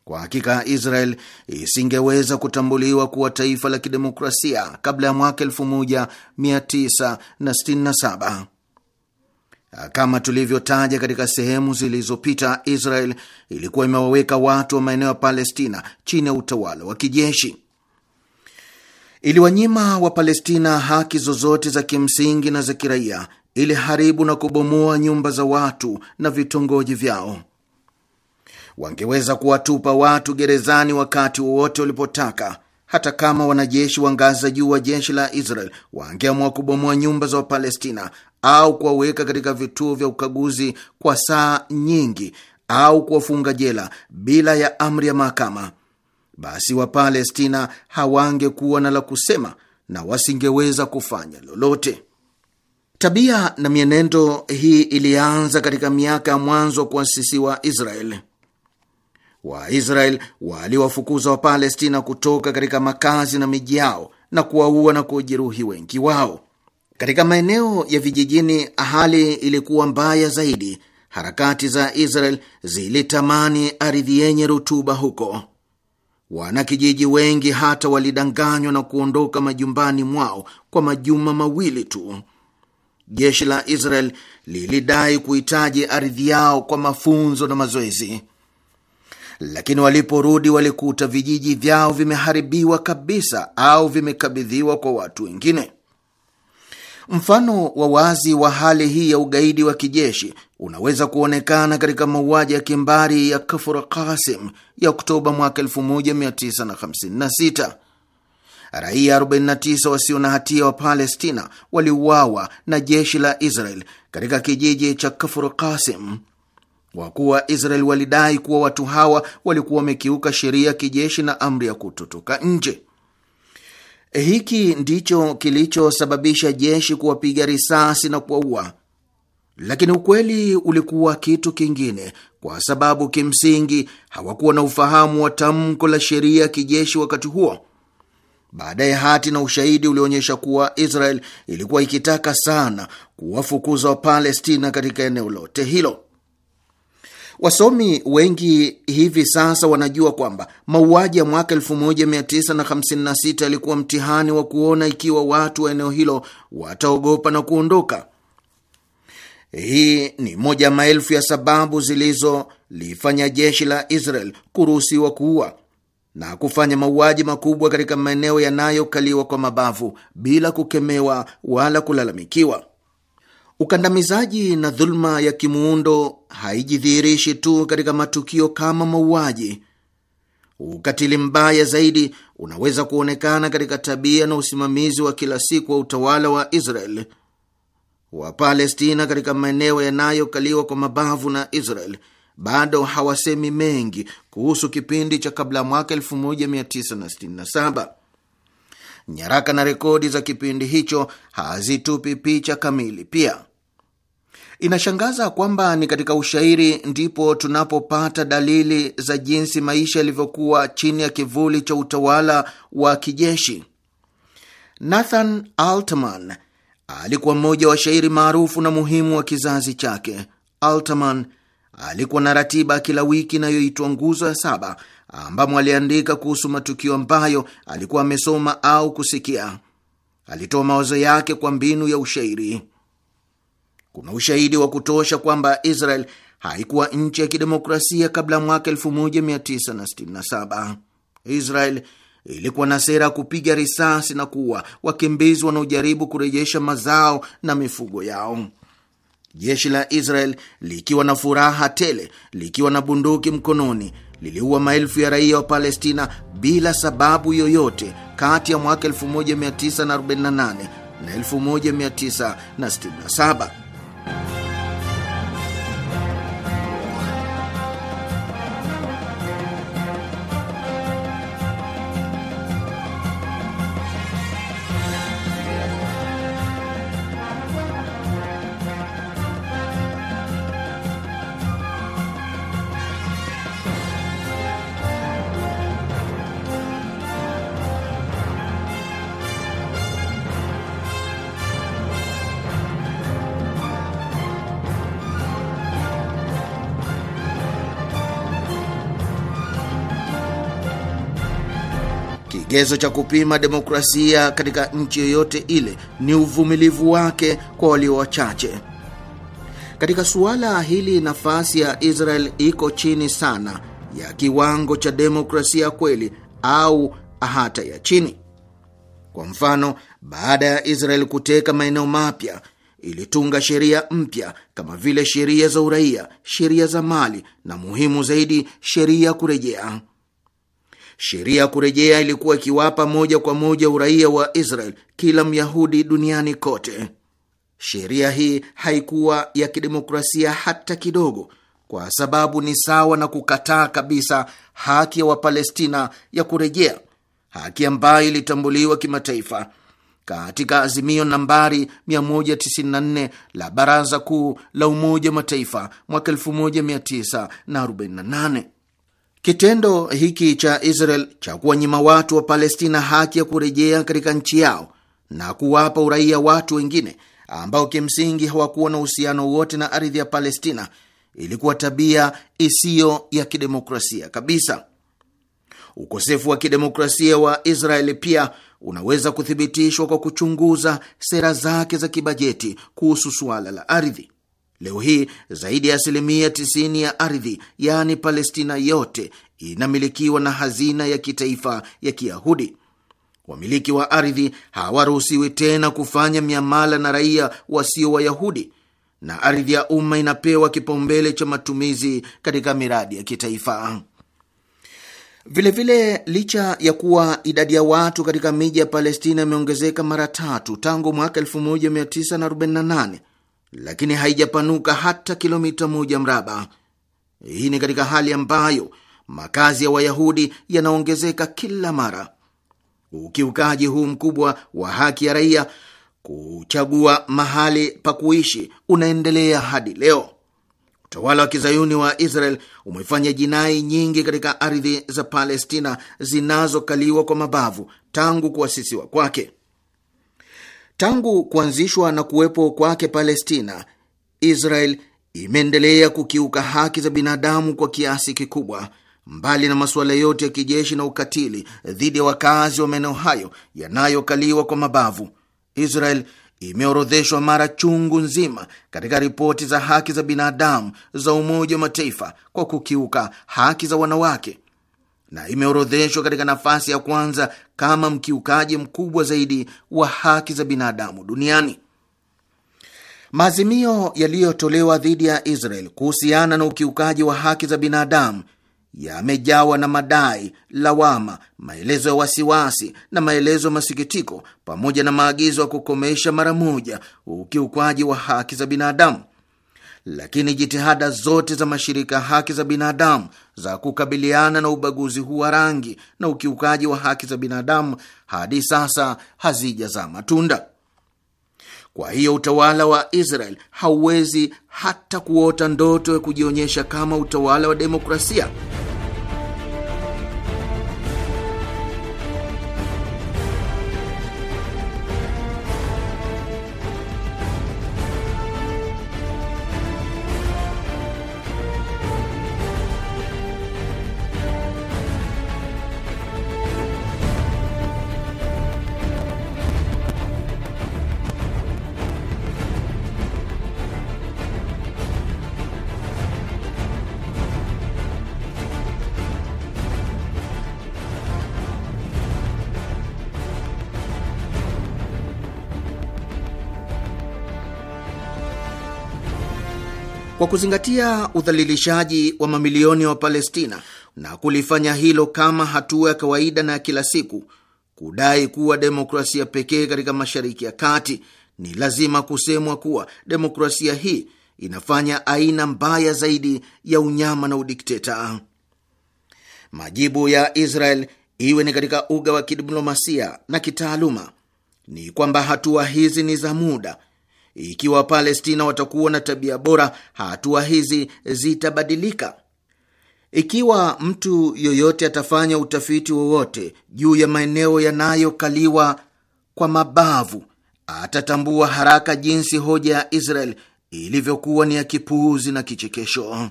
Kwa hakika Israel isingeweza kutambuliwa kuwa taifa la kidemokrasia kabla ya mwaka 1967. Kama tulivyotaja katika sehemu zilizopita, Israel ilikuwa imewaweka watu wa maeneo ya Palestina chini ya utawala wa kijeshi. Iliwanyima wa palestina haki zozote za kimsingi na za kiraia, iliharibu na kubomoa nyumba za watu na vitongoji vyao wangeweza kuwatupa watu gerezani wakati wowote walipotaka. Hata kama wanajeshi wa ngazi za juu wa jeshi la Israel wangeamua kubomoa nyumba za Wapalestina au kuwaweka katika vituo vya ukaguzi kwa saa nyingi au kuwafunga jela bila ya amri ya mahakama, basi Wapalestina hawangekuwa na la kusema na wasingeweza kufanya lolote. Tabia na mienendo hii ilianza katika miaka ya mwanzo wa kuasisiwa Israeli. Waisrael waliwafukuza Wapalestina kutoka katika makazi na miji yao na kuwaua na kujeruhi wengi wao. Katika maeneo ya vijijini, hali ilikuwa mbaya zaidi. Harakati za Israel zilitamani ardhi yenye rutuba huko. Wanakijiji wengi hata walidanganywa na kuondoka majumbani mwao kwa majuma mawili tu. Jeshi la Israel lilidai kuhitaji ardhi yao kwa mafunzo na mazoezi lakini waliporudi walikuta vijiji vyao vimeharibiwa kabisa au vimekabidhiwa kwa watu wengine. Mfano wa wazi wa hali hii ya ugaidi wa kijeshi unaweza kuonekana katika mauaji ya kimbari ya Kafur kasim ya Oktoba mwaka 1956. Raia 49 wasio na hatia wa Palestina waliuawa na jeshi la Israel katika kijiji cha Kafur kasim kwa kuwa Israel walidai kuwa watu hawa walikuwa wamekiuka sheria ya kijeshi na amri ya kutotoka nje. Eh, hiki ndicho kilichosababisha jeshi kuwapiga risasi na kuwaua, lakini ukweli ulikuwa kitu kingine, kwa sababu kimsingi hawakuwa na ufahamu wa tamko la sheria ya kijeshi wakati huo. Baadaye hati na ushahidi ulionyesha kuwa Israel ilikuwa ikitaka sana kuwafukuza Wapalestina katika eneo lote hilo. Wasomi wengi hivi sasa wanajua kwamba mauaji ya mwaka 1956 yalikuwa mtihani wa kuona ikiwa watu wa eneo hilo wataogopa na kuondoka. Hii ni moja ya maelfu ya sababu zilizolifanya jeshi la Israel kuruhusiwa kuua na kufanya mauaji makubwa katika maeneo yanayokaliwa kwa mabavu bila kukemewa wala kulalamikiwa. Ukandamizaji na dhuluma ya kimuundo haijidhihirishi tu katika matukio kama mauaji. Ukatili mbaya zaidi unaweza kuonekana katika tabia na usimamizi wa kila siku wa utawala wa Israel. Wapalestina katika maeneo yanayokaliwa kwa mabavu na Israel bado hawasemi mengi kuhusu kipindi cha kabla ya mwaka 1967. Nyaraka na rekodi za kipindi hicho hazitupi picha kamili pia. Inashangaza kwamba ni katika ushairi ndipo tunapopata dalili za jinsi maisha yalivyokuwa chini ya kivuli cha utawala wa kijeshi. Nathan Altman alikuwa mmoja wa shairi maarufu na muhimu wa kizazi chake. Altman alikuwa na ratiba kila wiki inayoitwa Nguzo ya Saba, ambamo aliandika kuhusu matukio ambayo alikuwa amesoma au kusikia. Alitoa mawazo yake kwa mbinu ya ushairi kuna ushahidi wa kutosha kwamba Israel haikuwa nchi ya kidemokrasia kabla ya mwaka 1967. Israel ilikuwa na sera ya kupiga risasi na kuua wakimbizi wanaojaribu kurejesha mazao na mifugo yao. Jeshi la Israel likiwa na furaha tele, likiwa na bunduki mkononi, liliua maelfu ya raia wa Palestina bila sababu yoyote kati ya mwaka 1948 na 1967. Bye. Kigezo cha kupima demokrasia katika nchi yoyote ile ni uvumilivu wake kwa walio wachache. Katika suala hili, nafasi ya Israel iko chini sana ya kiwango cha demokrasia kweli au hata ya chini. Kwa mfano, baada ya Israel kuteka maeneo mapya ilitunga sheria mpya kama vile sheria za uraia, sheria za mali na muhimu zaidi, sheria kurejea. Sheria ya kurejea ilikuwa ikiwapa moja kwa moja uraia wa Israel kila Myahudi duniani kote. Sheria hii haikuwa ya kidemokrasia hata kidogo, kwa sababu ni sawa na kukataa kabisa haki ya Wapalestina ya kurejea, haki ambayo ilitambuliwa kimataifa katika azimio nambari 194 la Baraza Kuu la Umoja wa Mataifa mwaka 1948. Kitendo hiki cha Israel cha kuwanyima watu wa Palestina haki ya kurejea katika nchi yao na kuwapa uraia watu wengine ambao kimsingi hawakuwa na uhusiano wote na ardhi ya Palestina ilikuwa tabia isiyo ya kidemokrasia kabisa. Ukosefu wa kidemokrasia wa Israeli pia unaweza kuthibitishwa kwa kuchunguza sera zake za kibajeti kuhusu suala la ardhi. Leo hii zaidi ya asilimia 90 ya ardhi yaani Palestina yote inamilikiwa na hazina ya kitaifa ya Kiyahudi. Wamiliki wa ardhi hawaruhusiwi tena kufanya miamala na raia wasio Wayahudi, na ardhi ya umma inapewa kipaumbele cha matumizi katika miradi ya kitaifa. Vilevile vile, licha ya kuwa idadi ya watu katika miji ya Palestina imeongezeka mara tatu tangu mwaka 1948 lakini haijapanuka hata kilomita moja mraba. Hii ni katika hali ambayo makazi ya Wayahudi yanaongezeka kila mara. Ukiukaji huu mkubwa wa haki ya raia kuchagua mahali pa kuishi unaendelea hadi leo. Utawala wa kizayuni wa Israel umefanya jinai nyingi katika ardhi za Palestina zinazokaliwa kwa mabavu tangu kuasisiwa kwake. Tangu kuanzishwa na kuwepo kwake Palestina, Israel imeendelea kukiuka haki za binadamu kwa kiasi kikubwa. Mbali na masuala yote ya kijeshi na ukatili dhidi ya wakazi wa maeneo hayo yanayokaliwa kwa mabavu, Israel imeorodheshwa mara chungu nzima katika ripoti za haki za binadamu za Umoja wa Mataifa kwa kukiuka haki za wanawake na imeorodheshwa katika nafasi ya kwanza kama mkiukaji mkubwa zaidi wa haki za binadamu duniani. Maazimio yaliyotolewa dhidi ya Israel kuhusiana na ukiukaji wa haki za binadamu yamejawa na madai, lawama, maelezo ya wasiwasi na maelezo ya masikitiko, pamoja na maagizo ya kukomesha mara moja ukiukaji wa haki za binadamu lakini jitihada zote za mashirika ya haki za binadamu za kukabiliana na ubaguzi huu wa rangi na ukiukaji wa haki za binadamu hadi sasa hazijazaa matunda. Kwa hiyo utawala wa Israel hauwezi hata kuota ndoto ya kujionyesha kama utawala wa demokrasia kwa kuzingatia udhalilishaji wa mamilioni ya Wapalestina na kulifanya hilo kama hatua ya kawaida na ya kila siku, kudai kuwa demokrasia pekee katika Mashariki ya Kati, ni lazima kusemwa kuwa demokrasia hii inafanya aina mbaya zaidi ya unyama na udikteta. Majibu ya Israel, iwe ni katika uga wa kidiplomasia na kitaaluma, ni kwamba hatua hizi ni za muda ikiwa Palestina watakuwa na tabia bora, hatua hizi zitabadilika. Ikiwa mtu yoyote atafanya utafiti wowote juu ya maeneo yanayokaliwa kwa mabavu, atatambua haraka jinsi hoja ya Israel ilivyokuwa ni ya kipuuzi na kichekesho.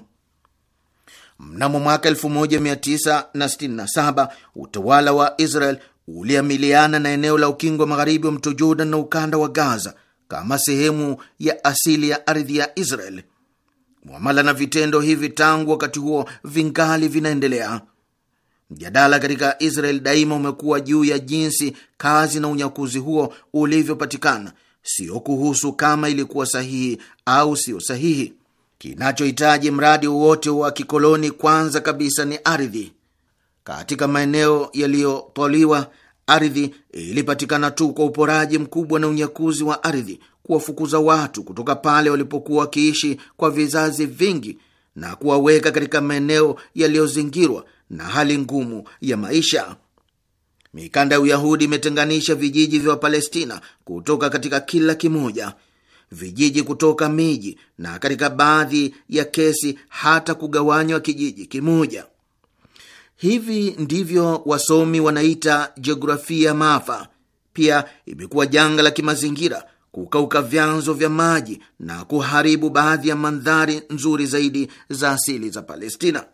Mnamo mwaka 1967 utawala wa Israel uliamiliana na eneo la ukingo wa magharibi wa mto Jordan na ukanda wa Gaza kama sehemu ya asili ya ardhi ya Israel. Mwamala na vitendo hivi tangu wakati huo vingali vinaendelea. Mjadala katika Israel daima umekuwa juu ya jinsi kazi na unyakuzi huo ulivyopatikana, sio kuhusu kama ilikuwa sahihi au siyo sahihi. Kinachohitaji mradi wowote wa kikoloni kwanza kabisa ni ardhi. Katika maeneo yaliyotwaliwa Ardhi ilipatikana tu kwa uporaji mkubwa na unyakuzi wa ardhi, kuwafukuza watu kutoka pale walipokuwa wakiishi kwa vizazi vingi na kuwaweka katika maeneo yaliyozingirwa na hali ngumu ya maisha. Mikanda ya Uyahudi imetenganisha vijiji vya Wapalestina kutoka katika kila kimoja, vijiji kutoka miji, na katika baadhi ya kesi hata kugawanywa kijiji kimoja. Hivi ndivyo wasomi wanaita jiografia maafa. Pia imekuwa janga la kimazingira, kukauka vyanzo vya maji na kuharibu baadhi ya mandhari nzuri zaidi za asili za Palestina.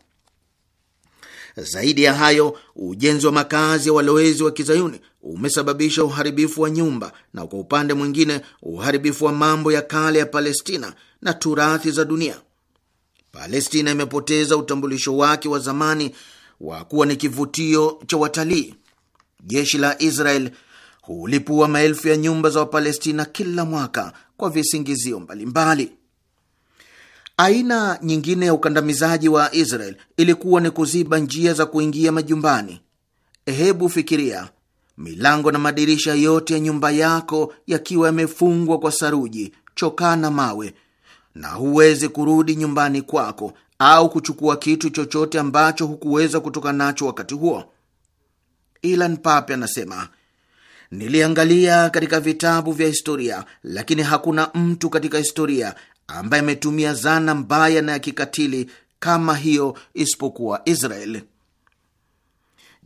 Zaidi ya hayo, ujenzi wa makazi ya walowezi wa kizayuni umesababisha uharibifu wa nyumba na kwa upande mwingine uharibifu wa mambo ya kale ya Palestina na turathi za dunia. Palestina imepoteza utambulisho wake wa zamani wa kuwa ni kivutio cha watalii. Jeshi la Israel hulipua maelfu ya nyumba za Wapalestina kila mwaka kwa visingizio mbalimbali. Aina nyingine ya ukandamizaji wa Israel ilikuwa ni kuziba njia za kuingia majumbani. Hebu fikiria milango na madirisha yote ya nyumba yako yakiwa yamefungwa kwa saruji, chokaa na mawe, na huwezi kurudi nyumbani kwako au kuchukua kitu chochote ambacho hukuweza kutoka nacho wakati huo. Ilan Pape anasema niliangalia katika vitabu vya historia, lakini hakuna mtu katika historia ambaye ametumia zana mbaya na ya kikatili kama hiyo isipokuwa israel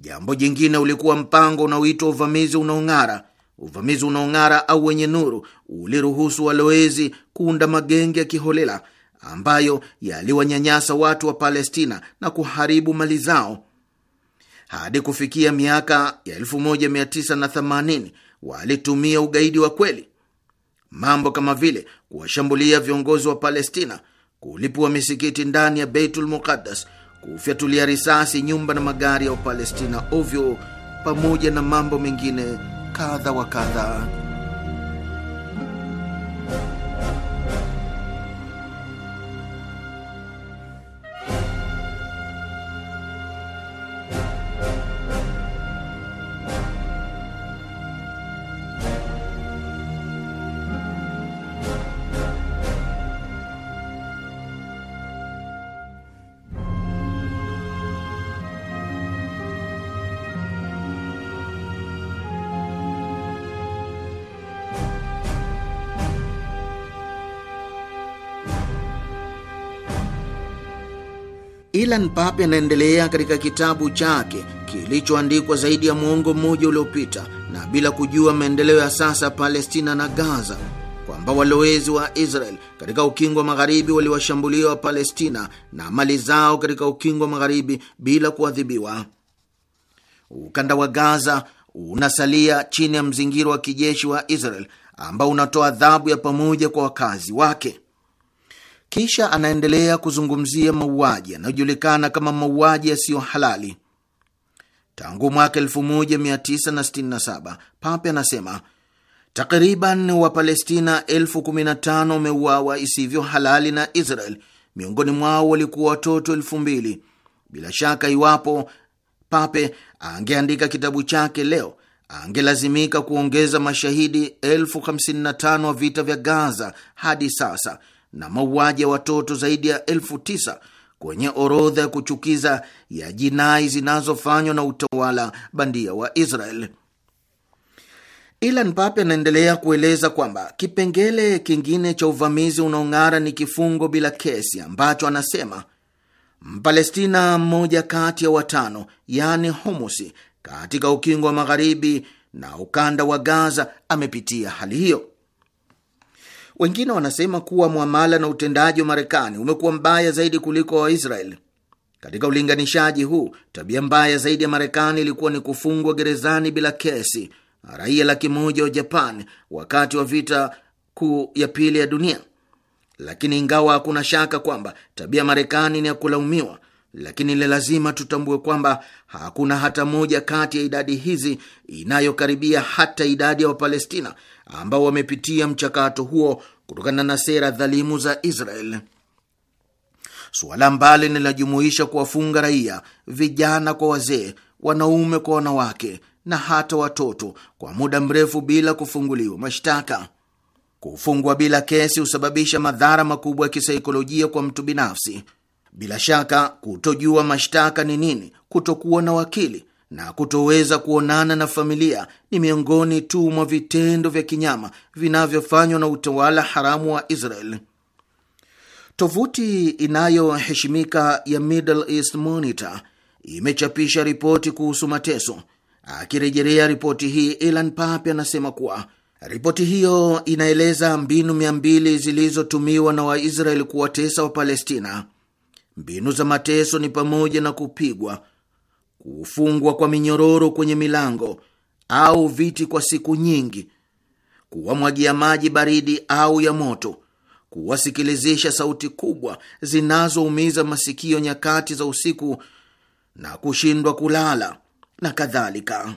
Jambo jingine ulikuwa mpango unaoitwa uvamizi unaong'ara. Uvamizi unaong'ara au wenye nuru uliruhusu walowezi kuunda magenge ya kiholela ambayo yaliwanyanyasa watu wa Palestina na kuharibu mali zao. Hadi kufikia miaka ya 1980 walitumia ugaidi wa kweli, mambo kama vile kuwashambulia viongozi wa Palestina, kulipua misikiti ndani ya Beitul Muqaddas, kufyatulia risasi nyumba na magari ya Wapalestina ovyo, pamoja na mambo mengine kadha wa kadha. Dylan Pape anaendelea katika kitabu chake kilichoandikwa zaidi ya muongo mmoja uliopita na bila kujua maendeleo ya sasa Palestina na Gaza kwamba walowezi wa Israel katika ukingo wa magharibi waliwashambulia wa Palestina na mali zao katika ukingo wa magharibi bila kuadhibiwa. Ukanda wa Gaza unasalia chini ya mzingiro wa kijeshi wa Israel ambao unatoa adhabu ya pamoja kwa wakazi wake. Kisha anaendelea kuzungumzia mauaji yanayojulikana kama mauaji yasiyo halali. Tangu mwaka 1967 Pape anasema takriban Wapalestina elfu kumi na tano wameuawa isivyo halali na Israel, miongoni mwao walikuwa watoto elfu mbili. Bila shaka iwapo Pape angeandika kitabu chake leo angelazimika kuongeza mashahidi elfu hamsini na tano wa vita vya Gaza hadi sasa na mauaji ya watoto zaidi ya elfu tisa kwenye orodha ya kuchukiza ya jinai zinazofanywa na utawala bandia wa Israel. Ilan Pape anaendelea kueleza kwamba kipengele kingine cha uvamizi unaong'ara ni kifungo bila kesi ambacho anasema Mpalestina mmoja kati ya watano, yani Humusi, katika ukingo wa magharibi na ukanda wa Gaza amepitia hali hiyo. Wengine wanasema kuwa mwamala na utendaji wa Marekani umekuwa mbaya zaidi kuliko waisrael Katika ulinganishaji huu, tabia mbaya zaidi ya Marekani ilikuwa ni kufungwa gerezani bila kesi raia laki moja wa Japan wakati wa vita kuu ya pili ya dunia. Lakini ingawa hakuna shaka kwamba tabia Marekani ni ya kulaumiwa, lakini ni lazima tutambue kwamba hakuna hata moja kati ya idadi hizi inayokaribia hata idadi ya Wapalestina ambao wamepitia mchakato huo kutokana na sera dhalimu za Israel, suala ambalo linajumuisha kuwafunga raia, vijana kwa wazee, wanaume kwa wanawake na hata watoto kwa muda mrefu bila kufunguliwa mashtaka. Kufungwa bila kesi husababisha madhara makubwa ya kisaikolojia kwa mtu binafsi. Bila shaka, kutojua mashtaka ni nini, kutokuwa na wakili na kutoweza kuonana na familia ni miongoni tu mwa vitendo vya kinyama vinavyofanywa na utawala haramu wa Israel. Tovuti inayoheshimika ya Middle East Monitor imechapisha ripoti kuhusu mateso. Akirejelea ripoti hii, Elan Pape anasema kuwa ripoti hiyo inaeleza mbinu mia mbili zilizotumiwa na Waisraeli kuwatesa Wapalestina. Mbinu za mateso ni pamoja na kupigwa kufungwa kwa minyororo kwenye milango au viti kwa siku nyingi, kuwamwagia maji baridi au ya moto, kuwasikilizisha sauti kubwa zinazoumiza masikio nyakati za usiku na kushindwa kulala na kadhalika.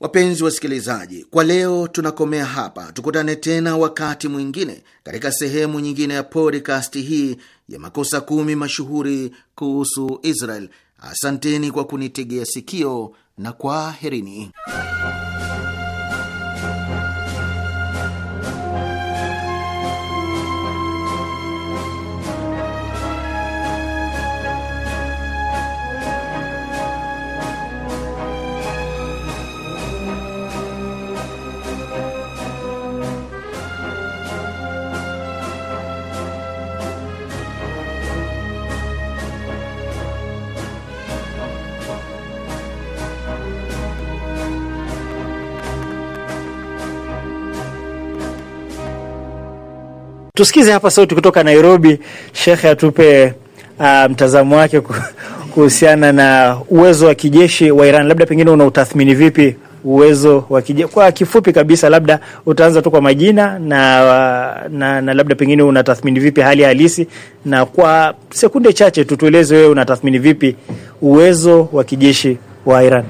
Wapenzi wasikilizaji, kwa leo tunakomea hapa. Tukutane tena wakati mwingine katika sehemu nyingine ya podcast hii ya makosa kumi mashuhuri kuhusu Israel. Asanteni kwa kunitegea sikio na kwaherini. Tusikize hapa sauti kutoka Nairobi. Shekhe atupe uh, mtazamo wake kuhusiana na uwezo wa kijeshi wa Iran, labda pengine unautathmini vipi uwezo wa kijeshi kwa kifupi kabisa, labda utaanza tu kwa majina na, na, na labda pengine unatathmini vipi hali halisi, na kwa sekunde chache tutueleze wewe unatathmini vipi uwezo wa kijeshi wa Iran.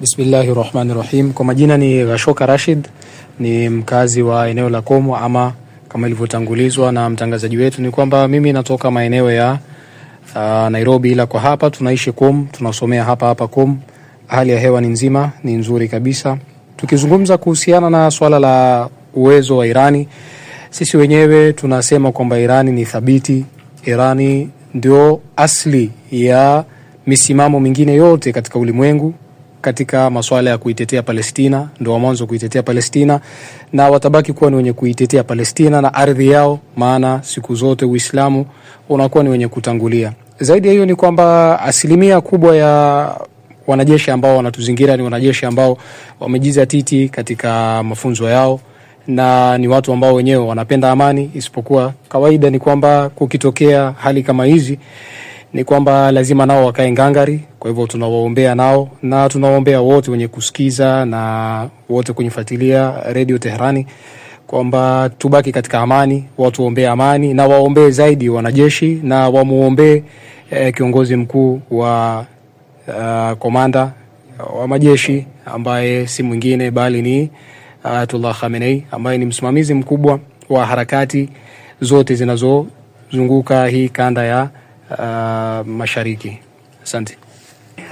Bismillahir rahmani Rahim, kwa majina ni Rashoka Rashid, ni mkazi wa eneo la Komo ama kama ilivyotangulizwa na mtangazaji wetu, ni kwamba mimi natoka maeneo ya uh, Nairobi, ila kwa hapa tunaishi Kum, tunasomea hapa hapa Kum. Hali ya hewa ni nzima, ni nzuri kabisa. Tukizungumza kuhusiana na swala la uwezo wa Irani, sisi wenyewe tunasema kwamba Irani ni thabiti. Irani ndio asili ya misimamo mingine yote katika ulimwengu katika masuala ya kuitetea Palestina, ndo wa mwanzo kuitetea Palestina na watabaki kuwa ni wenye kuitetea Palestina na ardhi yao, maana siku zote Uislamu unakuwa ni wenye kutangulia. Zaidi ya hiyo ni kwamba asilimia kubwa ya wanajeshi ambao wanatuzingira ni wanajeshi ambao wamejiza titi katika mafunzo yao na ni watu ambao wenyewe wanapenda amani, isipokuwa kawaida ni kwamba kukitokea hali kama hizi ni kwamba lazima nao wakae ngangari. Kwa hivyo tunawaombea nao na tunawaombea wote wenye kusikiza na wote kunyifuatilia redio Teherani kwamba tubaki katika amani, watuombee amani na waombee zaidi wanajeshi na wamuombee eh, kiongozi mkuu wa uh, komanda wa majeshi ambaye si mwingine bali ni eh, Ayatullah Khamenei ambaye ni msimamizi mkubwa wa harakati zote zinazozunguka hii kanda ya uh, mashariki. Asante.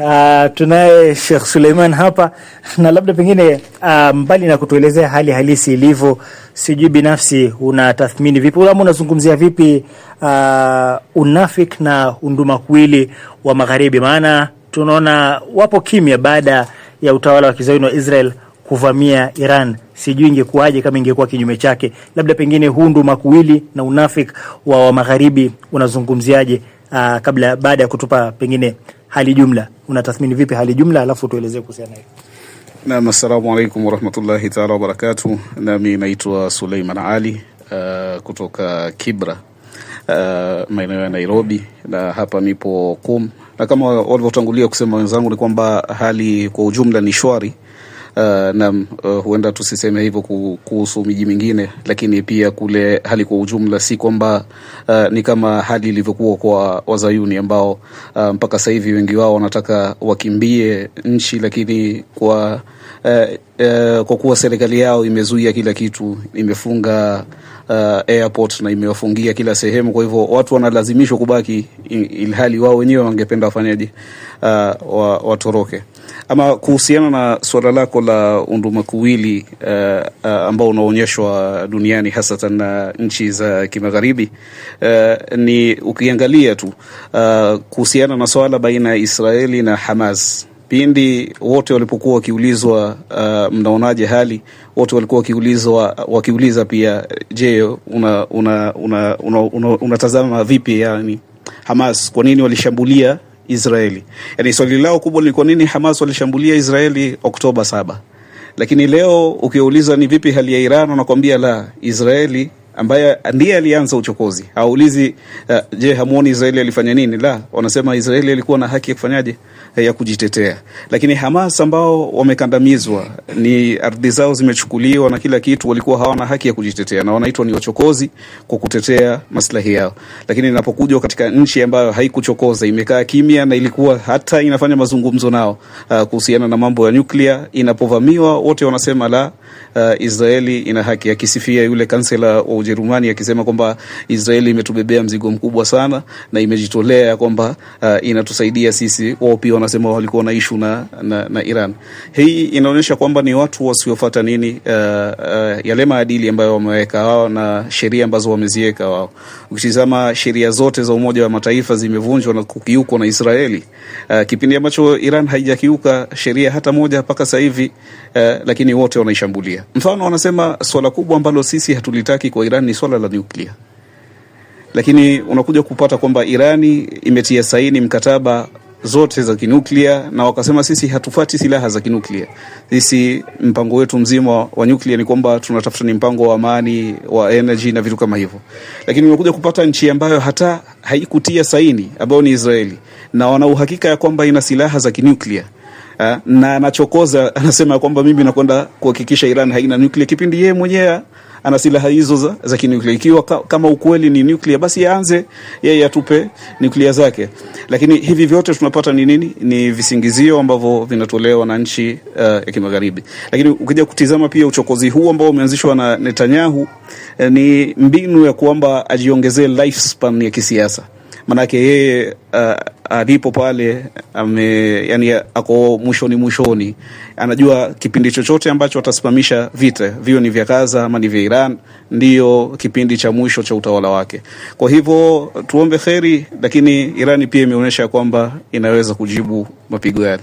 Uh, tunaye Sheikh Suleiman hapa na labda pengine uh, mbali na kutuelezea hali halisi ilivyo, sijui binafsi una tathmini vipi ama unazungumzia vipi uh, unafik na undumakuwili wa magharibi? Maana tunaona wapo kimya baada ya utawala wa kizayuni wa Israel kuvamia Iran. Sijui ingekuwaje kama ingekuwa kinyume chake. Labda pengine huu ndumakuwili na unafik wa, wa magharibi unazungumziaje? uh, kabla baada ya kutupa pengine hali jumla, unatathmini vipi hali jumla, alafu tuelezee kuhusiana hiyo. Naam, assalamu alaykum warahmatullahi taala wabarakatuh. Nami naitwa Suleiman Ali uh, kutoka Kibra uh, maeneo ya Nairobi, na hapa nipo kum, na kama walivyotangulia kusema wenzangu ni kwamba hali kwa ujumla ni shwari Uh, eh, nam uh, eh, huenda tusiseme hivyo kuhusu miji mingine, lakini pia kule hali kwa ujumla si kwamba uh, ni kama hali ilivyokuwa kwa wazayuni ambao uh, mpaka sasa hivi wengi wao wanataka wakimbie nchi, lakini kwa uh, uh, kwa kuwa serikali yao imezuia kila kitu, imefunga uh, airport na imewafungia kila sehemu. Kwa hivyo watu wanalazimishwa kubaki ilhali wao wenyewe wangependa wafanyaje, uh, watoroke. Ama kuhusiana na suala lako la undumakuwili uh, uh, ambao unaonyeshwa duniani hasatan na nchi za kimagharibi uh, ni ukiangalia tu uh, kuhusiana na swala baina ya Israeli na Hamas pindi wote walipokuwa wakiulizwa uh, mnaonaje hali, wote walikuwa wakiulizwa wakiuliza pia, je, unatazama una, una, una, una vipi yani Hamas kwa nini walishambulia Israeli? Yani swali lao kubwa ni kwa nini Hamas walishambulia Israeli Oktoba saba, lakini leo ukiwauliza ni vipi hali ya Iran wanakwambia la, Israeli ambaye ndiye alianza uchokozi. aulizi uh, eh, je, hamuoni Israeli alifanya nini? La, wanasema Israeli alikuwa na haki ya kufanyaje, eh, ya kujitetea. Lakini Hamas ambao wamekandamizwa, ni ardhi zao zimechukuliwa na kila kitu, walikuwa hawana haki ya kujitetea na wanaitwa ni wachokozi kwa kutetea maslahi yao. Lakini inapokujwa katika nchi ambayo haikuchokoza, imekaa kimya na ilikuwa hata inafanya mazungumzo nao uh, kuhusiana na mambo ya nyuklia, inapovamiwa wote wanasema la, uh, Israeli ina haki, akisifia yule kansela wa Ujerumani akisema kwamba Israeli imetubebea mzigo mkubwa sana na imejitolea kwamba uh, inatusaidia sisi. Wao pia wanasema walikuwa na ishu na, na, na Iran. Hii inaonyesha kwamba ni watu wasiofata nini, uh, uh, yale maadili ambayo wameweka wao na sheria ambazo wameziweka wao. Ukitizama sheria zote za Umoja wa Mataifa zimevunjwa na kukiukwa na Israeli uh, kipindi ambacho Iran haijakiuka sheria hata moja mpaka sasa hivi uh, lakini wote wanaishambulia. Mfano wanasema swala kubwa ambalo sisi hatulitaki kwa Iran ni swala la nyuklia, lakini unakuja kupata kwamba Irani imetia saini mkataba zote za kinuklia na wakasema sisi hatufati silaha za kinuklia. Sisi mpango wetu mzima wa nyuklia ni kwamba tunatafuta ni mpango wa amani wa energy na vitu kama hivyo, lakini unakuja kupata nchi ambayo hata haikutia saini ambayo ni Israeli na wana uhakika ya kwamba ina silaha za kinuklia ah, na anachokoza anasema kwamba mimi nakwenda kuhakikisha Iran haina nuklia, kipindi yeye mwenyewe ana silaha hizo za, za kinuklia. Ikiwa kama ukweli ni nuklia basi yaanze yeye atupe nuklia zake. Lakini hivi vyote tunapata ni nini? Ni visingizio ambavyo vinatolewa na nchi uh, ya kimagharibi. Lakini ukija kutizama pia uchokozi huu ambao umeanzishwa na Netanyahu eh, ni mbinu ya kwamba ajiongezee lifespan ya kisiasa manake yeye uh, alipo pale ame, yani ako mwishoni mwishoni, anajua kipindi chochote ambacho atasimamisha vita vio ni vya Gaza ama ni vya Iran, ndiyo kipindi cha mwisho cha utawala wake. Kwa hivyo tuombe kheri, lakini Irani pia imeonyesha kwamba inaweza kujibu mapigo yale.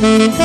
Bye.